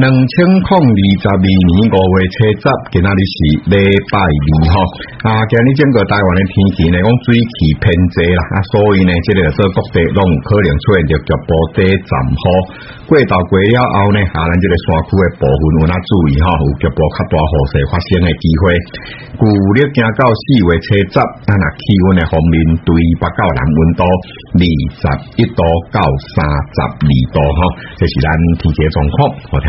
兩千空二十二年五月初十，今日是禮拜二吼、哦、啊，今日整個台灣嘅天氣嚟講水氣偏濟啦，啊，所以呢，即、這個說各地攏有可能出現着局部跌狀況。過到過了後呢，可咱即個山區嘅部分有拉注意吼、哦，有局部較大雨勢發生嘅機會。舊曆行到四月初十，咱係氣溫嘅方面對北較南溫度二十一度到三十二度吼，即、哦、是咱天氣狀況。我聽。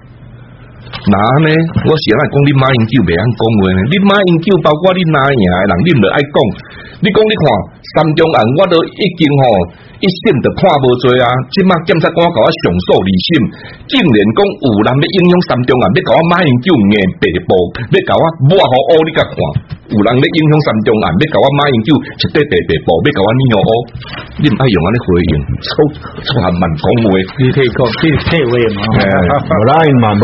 嗱，呢我先嚟講你馬英九未肯講話呢？你馬英九包括你那贏的人你，你毋著愛講。你講你看，三中案我都已經吼，一審著看無罪啊！即刻檢察官甲我上訴二審，竟然講有人要影響三中案，要甲我馬英九硬被捕，要甲我冇好烏你甲看，有人要影響三中案，要甲我馬英九徹底被捕，要甲我你又烏？你毋愛用安尼回應，粗粗口文講話，你可以講啲廢話嘛？我拉、yeah，啊啊、人冇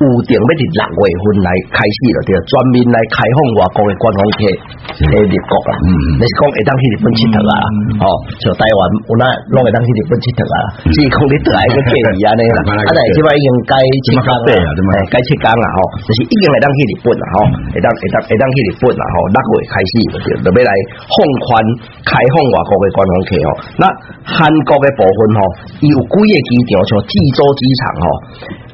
有定要佇六月份來開始就了。對，專門來開放外國嘅觀光客嘅入國啦。就是講，會當去日本佚佗啊？哦，像台灣，我那弄會當去日本佚佗、嗯、啊？只是講你得個建議啊，你啦。啊，但係即位應該，應該去講啦，吼，就是已經會當去日本啦，吼，會當會當會當去日本啦，吼，六月開始，就要來放寬開放外國的觀光客哦。那韓國嘅部分哦，有幾個機場，像濟州機場哦。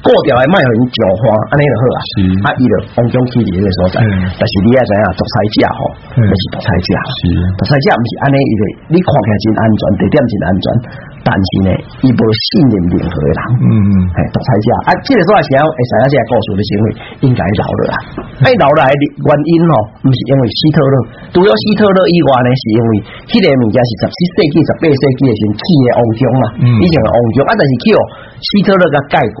過掉係賣佢朝花，安尼著好啦。是啊，伊著往中江佇迄個所在，嗯、但是你要知影，獨裁者吼，嗯、是著是獨裁者，獨裁者毋是安尼伊個。你看起來真安全，地點真安全，但是呢，伊無信任任何嘅人。嗯嗯，係獨裁者。啊，即、這個所時候，誒，即個故事汝是因為應該留落來。嗯、留落來的原因吼，毋是因為希特勒，除了希特勒以外呢，是因為迄個物件是十七世紀、十八世紀嘅時候起汪江嘛，的歐中啊嗯、以前嘅汪江，啊，但是叫希特勒個蓋過。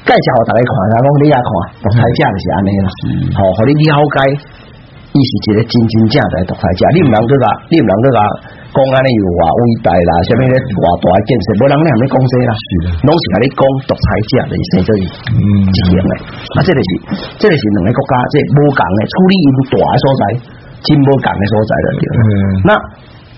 介紹互大家看，看啦，我你也看獨裁者就是安尼啦，好、哦，讓你了解，伊是一個真真正正的獨裁者、嗯。你唔能佮佮，你唔能佮佮講安尼有話偉大啦，蝦米咧話大建設，無人咧下面講遮啦，攏、嗯，就是佮你講獨裁者的意思，就是這樣、嗯、的。啊，這就是，這就是兩個國家，即係冇講處理唔大嘅所在，真冇講的所在啦。嗯，那。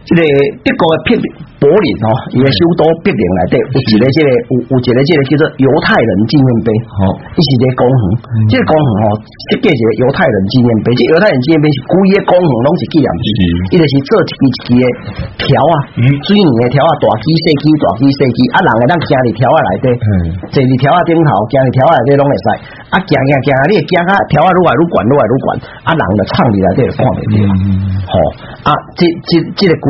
這個德、這個、國嘅柏林吼、哦，也首都柏林內底，有一個這個，有有一個這個叫做猶太人紀念碑，好、哦，伊是咧公園，即公園哦設計一個猶太人紀念碑，即、這個、猶太人紀念碑是規個公園攏是紀念碑，一個、嗯、是做一期一期個調啊，水泥嘅調啊，大雞細雞，大雞細雞，啊人會當行里調、嗯、啊內底，坐里調啊頂頭，行里調啊都攏會使，阿行行，江，你行啊調啊越來越懸越來越懸，啊人嘅唱起內底，看嚟對，好，啊，即即即個。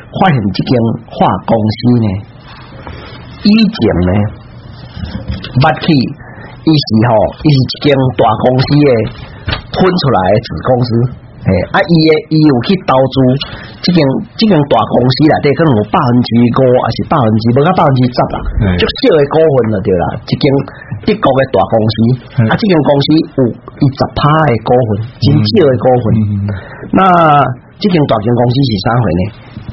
發現這間化工公司呢，以前呢，八去，是哦、是一時吼，一時這間大公司的分出來的子公司，哎、嗯，啊，伊誒伊有去投資這間這間大公司內底，可能有百分之五還是百分之不個百分之十啦，最少、嗯、的股份啦對啦，一間德國嘅大公司，嗯、啊，這間公司有二十趴嘅股份，真少嘅股份，嗯、那這間大型公司是啥貨呢？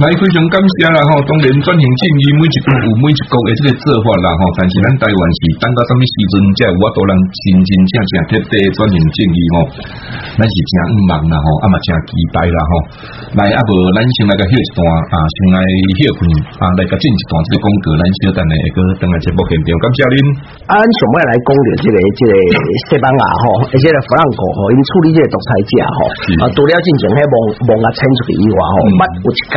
來非常感謝啦！吼，當然轉型正義每一個有、嗯、每一個嘅即個做法啦！吼。但是咱台灣是等到什麼時陣，才有我都能真真正正徹底轉型正義吼。咱、哦、是誠毋茫啦！吼，啊嘛誠期待啦！吼。來啊，無咱先來甲個一段啊，先來片段啊，來甲進一段嘅廣告，咱小下會個等下節目現場感謝你。阿想咩來講嘅、這個？即、這個即、啊這個西班牙吼，而且弗朗哥吼，因處理這個獨裁者吼，是啊，除了進行喺網網下清除以外吼，毋捌、嗯、有一解？